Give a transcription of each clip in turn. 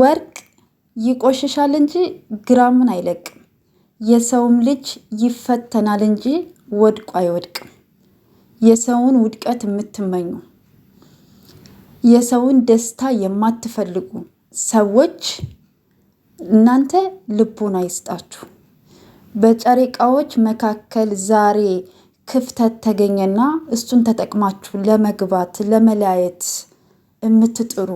ወርቅ ይቆሽሻል እንጂ ግራሙን አይለቅም፣ የሰውም ልጅ ይፈተናል እንጂ ወድቆ አይወድቅም። የሰውን ውድቀት የምትመኙ የሰውን ደስታ የማትፈልጉ ሰዎች እናንተ ልቡን አይስጣችሁ። በጨሪቃዎች መካከል ዛሬ ክፍተት ተገኘና እሱን ተጠቅማችሁ ለመግባት ለመለያየት የምትጥሩ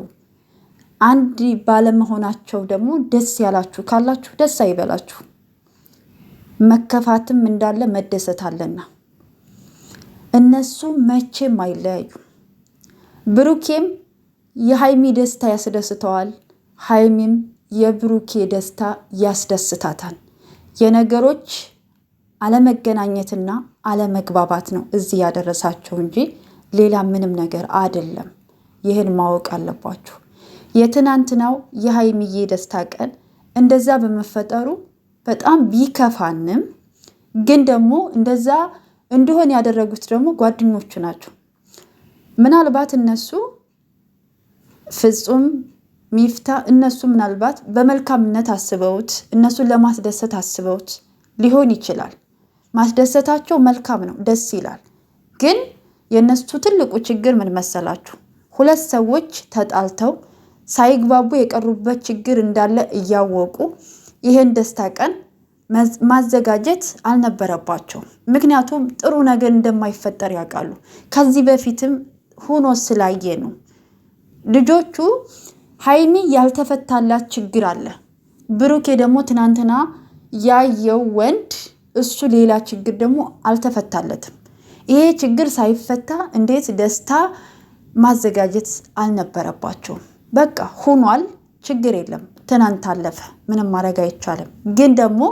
አንድ ባለመሆናቸው ደግሞ ደስ ያላችሁ ካላችሁ ደስ አይበላችሁ። መከፋትም እንዳለ መደሰት አለና እነሱ መቼም አይለያዩ። ብሩኬም የሀይሚ ደስታ ያስደስተዋል፣ ሀይሚም የብሩኬ ደስታ ያስደስታታል። የነገሮች አለመገናኘትና አለመግባባት ነው እዚህ ያደረሳቸው እንጂ ሌላ ምንም ነገር አይደለም። ይህን ማወቅ አለባችሁ። የትናንትናው የሀይሚዬ ደስታ ቀን እንደዛ በመፈጠሩ በጣም ቢከፋንም ግን ደግሞ እንደዛ እንዲሆን ያደረጉት ደግሞ ጓደኞቹ ናቸው። ምናልባት እነሱ ፍጹም ሚፍታ እነሱ ምናልባት በመልካምነት አስበውት እነሱን ለማስደሰት አስበውት ሊሆን ይችላል። ማስደሰታቸው መልካም ነው፣ ደስ ይላል። ግን የእነሱ ትልቁ ችግር ምን መሰላችሁ? ሁለት ሰዎች ተጣልተው ሳይግባቡ የቀሩበት ችግር እንዳለ እያወቁ ይህን ደስታ ቀን ማዘጋጀት አልነበረባቸውም። ምክንያቱም ጥሩ ነገር እንደማይፈጠር ያውቃሉ። ከዚህ በፊትም ሆኖ ስላየ ነው። ልጆቹ ሀይሚ ያልተፈታላት ችግር አለ። ብሩኬ ደግሞ ትናንትና ያየው ወንድ እሱ ሌላ ችግር ደግሞ አልተፈታለትም። ይሄ ችግር ሳይፈታ እንዴት ደስታ ማዘጋጀት አልነበረባቸውም? በቃ ሆኗል፣ ችግር የለም። ትናንት አለፈ፣ ምንም ማድረግ አይቻልም። ግን ደግሞ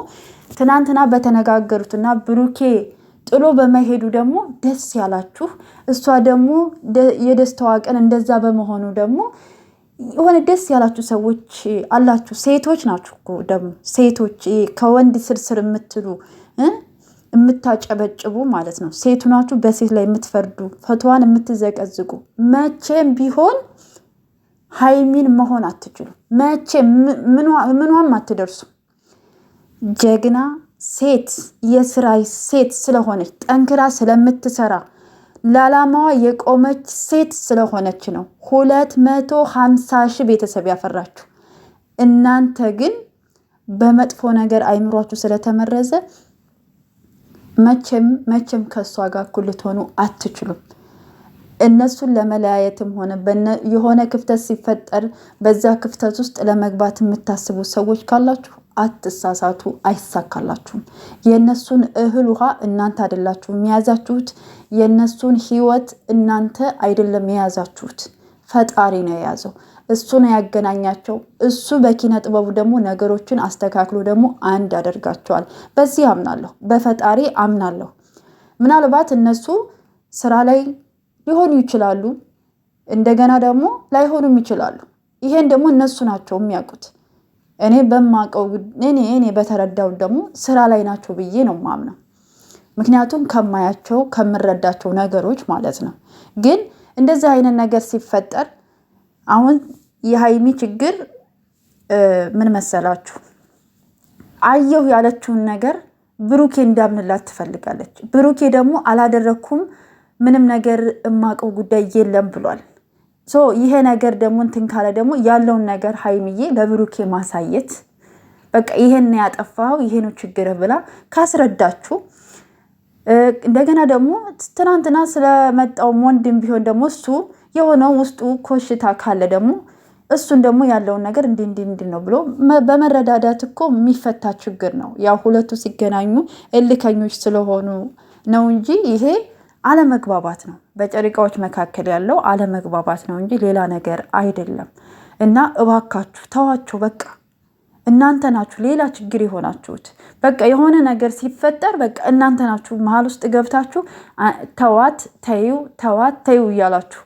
ትናንትና በተነጋገሩትና ብሩኬ ጥሎ በመሄዱ ደግሞ ደስ ያላችሁ፣ እሷ ደግሞ የደስታዋ ቀን እንደዛ በመሆኑ ደግሞ የሆነ ደስ ያላችሁ ሰዎች አላችሁ። ሴቶች ናችሁ እኮ ደግሞ ሴቶች ከወንድ ስርስር የምትሉ የምታጨበጭቡ ማለት ነው። ሴቱ ናችሁ፣ በሴት ላይ የምትፈርዱ ፈቷን የምትዘቀዝቁ መቼም ቢሆን ሀይሚን መሆን አትችሉ። መቼ ምኗም አትደርሱ። ጀግና ሴት የስራ ሴት ስለሆነች ጠንክራ ስለምትሰራ ለዓላማዋ የቆመች ሴት ስለሆነች ነው ሁለት መቶ ሀምሳ ሺ ቤተሰብ ያፈራችሁ። እናንተ ግን በመጥፎ ነገር አይምሯችሁ ስለተመረዘ መቼም መቼም ከእሷ ጋር እኩል ልትሆኑ አትችሉም። እነሱን ለመለያየትም ሆነ የሆነ ክፍተት ሲፈጠር በዛ ክፍተት ውስጥ ለመግባት የምታስቡ ሰዎች ካላችሁ አትሳሳቱ፣ አይሳካላችሁም። የእነሱን እህል ውሃ እናንተ አይደላችሁ የያዛችሁት። የእነሱን ህይወት እናንተ አይደለም የያዛችሁት፣ ፈጣሪ ነው የያዘው። እሱ ነው ያገናኛቸው። እሱ በኪነ ጥበቡ ደግሞ ነገሮችን አስተካክሎ ደግሞ አንድ ያደርጋቸዋል። በዚህ አምናለሁ፣ በፈጣሪ አምናለሁ። ምናልባት እነሱ ስራ ላይ ሊሆኑ ይችላሉ፣ እንደገና ደግሞ ላይሆኑም ይችላሉ። ይሄን ደግሞ እነሱ ናቸው የሚያውቁት። እኔ በማውቀው እኔ እኔ በተረዳው ደግሞ ስራ ላይ ናቸው ብዬ ነው ማምነው። ምክንያቱም ከማያቸው ከምረዳቸው ነገሮች ማለት ነው። ግን እንደዚህ አይነት ነገር ሲፈጠር አሁን የሀይሚ ችግር ምን መሰላችሁ? አየሁ ያለችውን ነገር ብሩኬ እንዳምንላት ትፈልጋለች። ብሩኬ ደግሞ አላደረግኩም ምንም ነገር እማቀው ጉዳይ የለም ብሏል። ሶ ይሄ ነገር ደግሞ እንትን ካለ ደግሞ ያለውን ነገር ሀይሚዬ ለብሩኬ ማሳየት በቃ ይሄን ያጠፋው ይሄ ነው ችግር ብላ ካስረዳችሁ እንደገና ደግሞ ትናንትና ስለመጣው ወንድም ቢሆን ደግሞ እሱ የሆነው ውስጡ ኮሽታ ካለ ደግሞ እሱን ደግሞ ያለውን ነገር እንዲ እንዲ እንዲ ነው ብሎ በመረዳዳት እኮ የሚፈታ ችግር ነው። ያው ሁለቱ ሲገናኙ እልከኞች ስለሆኑ ነው እንጂ ይሄ አለመግባባት ነው። በጨሪቃዎች መካከል ያለው አለመግባባት ነው እንጂ ሌላ ነገር አይደለም። እና እባካችሁ ተዋቸው። በቃ እናንተ ናችሁ ሌላ ችግር የሆናችሁት። በቃ የሆነ ነገር ሲፈጠር በቃ እናንተ ናችሁ መሀል ውስጥ ገብታችሁ ተዋት ተዩ፣ ተዋት ተዩ እያላችሁ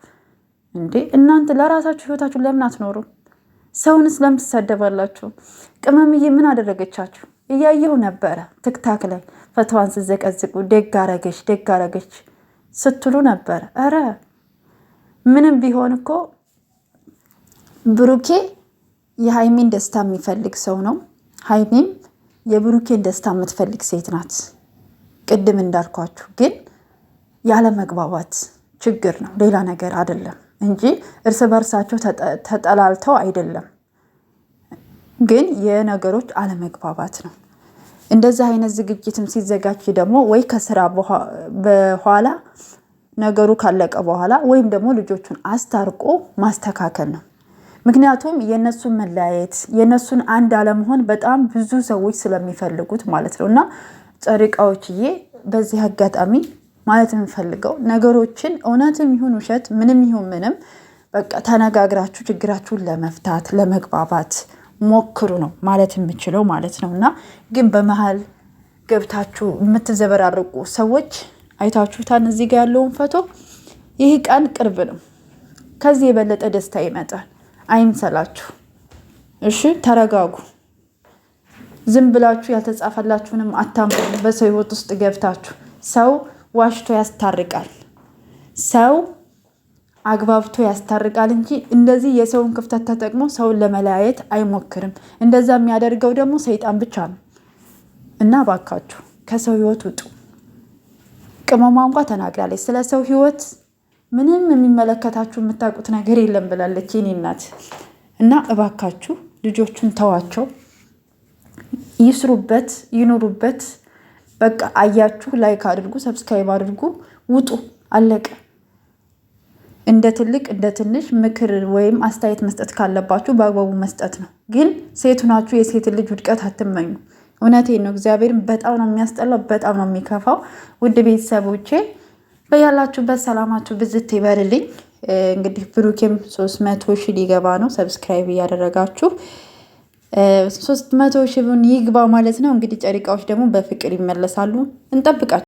እንዴ! እናንተ ለራሳችሁ ህይወታችሁ ለምን አትኖሩም? ሰውንስ ለምን ትሳደባላችሁ? ቅመምዬ ምን አደረገቻችሁ? እያየሁ ነበረ ትክታክ ላይ ፈትዋን ስዘቀዝቁ ደግ አረገች፣ ደግ አረገች ስትሉ ነበር። እረ ምንም ቢሆን እኮ ብሩኬ የሀይሜን ደስታ የሚፈልግ ሰው ነው። ሀይሜም የብሩኬን ደስታ የምትፈልግ ሴት ናት። ቅድም እንዳልኳችሁ ግን መግባባት ችግር ነው፣ ሌላ ነገር አይደለም እንጂ እርስ በርሳቸው ተጠላልተው አይደለም። ግን የነገሮች አለመግባባት ነው። እንደዚህ አይነት ዝግጅትም ሲዘጋጅ ደግሞ ወይ ከስራ በኋላ ነገሩ ካለቀ በኋላ ወይም ደግሞ ልጆቹን አስታርቆ ማስተካከል ነው። ምክንያቱም የእነሱን መለያየት የእነሱን አንድ አለመሆን በጣም ብዙ ሰዎች ስለሚፈልጉት ማለት ነው። እና ጨሪቃዎችዬ በዚህ አጋጣሚ ማለት የምንፈልገው ነገሮችን እውነትም ይሁን ውሸት፣ ምንም ይሁን ምንም በቃ ተነጋግራችሁ ችግራችሁን ለመፍታት ለመግባባት ሞክሩ ነው ማለት የምችለው ማለት ነው። እና ግን በመሀል ገብታችሁ የምትዘበራርቁ ሰዎች አይታችሁታን እዚህ ጋር ያለውን ፈቶ ይህ ቀን ቅርብ ነው። ከዚህ የበለጠ ደስታ ይመጣል። አይምሰላችሁ። እሺ ተረጋጉ። ዝም ብላችሁ ያልተጻፈላችሁንም አታምሩ። በሰው ህይወት ውስጥ ገብታችሁ ሰው ዋሽቶ ያስታርቃል ሰው አግባብቶ ያስታርቃል እንጂ እንደዚህ የሰውን ክፍተት ተጠቅሞ ሰውን ለመለያየት አይሞክርም። እንደዛ የሚያደርገው ደግሞ ሰይጣን ብቻ ነው እና ባካችሁ ከሰው ህይወት ውጡ። ቅመሟ እንኳ ተናግራለች። ስለ ሰው ህይወት ምንም የሚመለከታችሁ የምታውቁት ነገር የለም ብላለች የኔ እናት እና እባካችሁ ልጆቹን ተዋቸው፣ ይስሩበት፣ ይኑሩበት። በቃ አያችሁ። ላይክ አድርጉ፣ ሰብስክራይብ አድርጉ፣ ውጡ፣ አለቀ። እንደ ትልቅ እንደ ትንሽ ምክር ወይም አስተያየት መስጠት ካለባችሁ በአግባቡ መስጠት ነው። ግን ሴት ሁናችሁ የሴት ልጅ ውድቀት አትመኙ። እውነቴ ነው። እግዚአብሔርን በጣም ነው የሚያስጠላው፣ በጣም ነው የሚከፋው። ውድ ቤተሰቦቼ በያላችሁበት ሰላማችሁ ብዝት ይበርልኝ እንግዲህ ብሩኬም ሶስት መቶ ሺህ ሊገባ ነው። ሰብስክራይብ እያደረጋችሁ ሶስት መቶ ሺህ ይግባ ማለት ነው። እንግዲህ ጨሪቃዎች ደግሞ በፍቅር ይመለሳሉ። እንጠብቃቸው።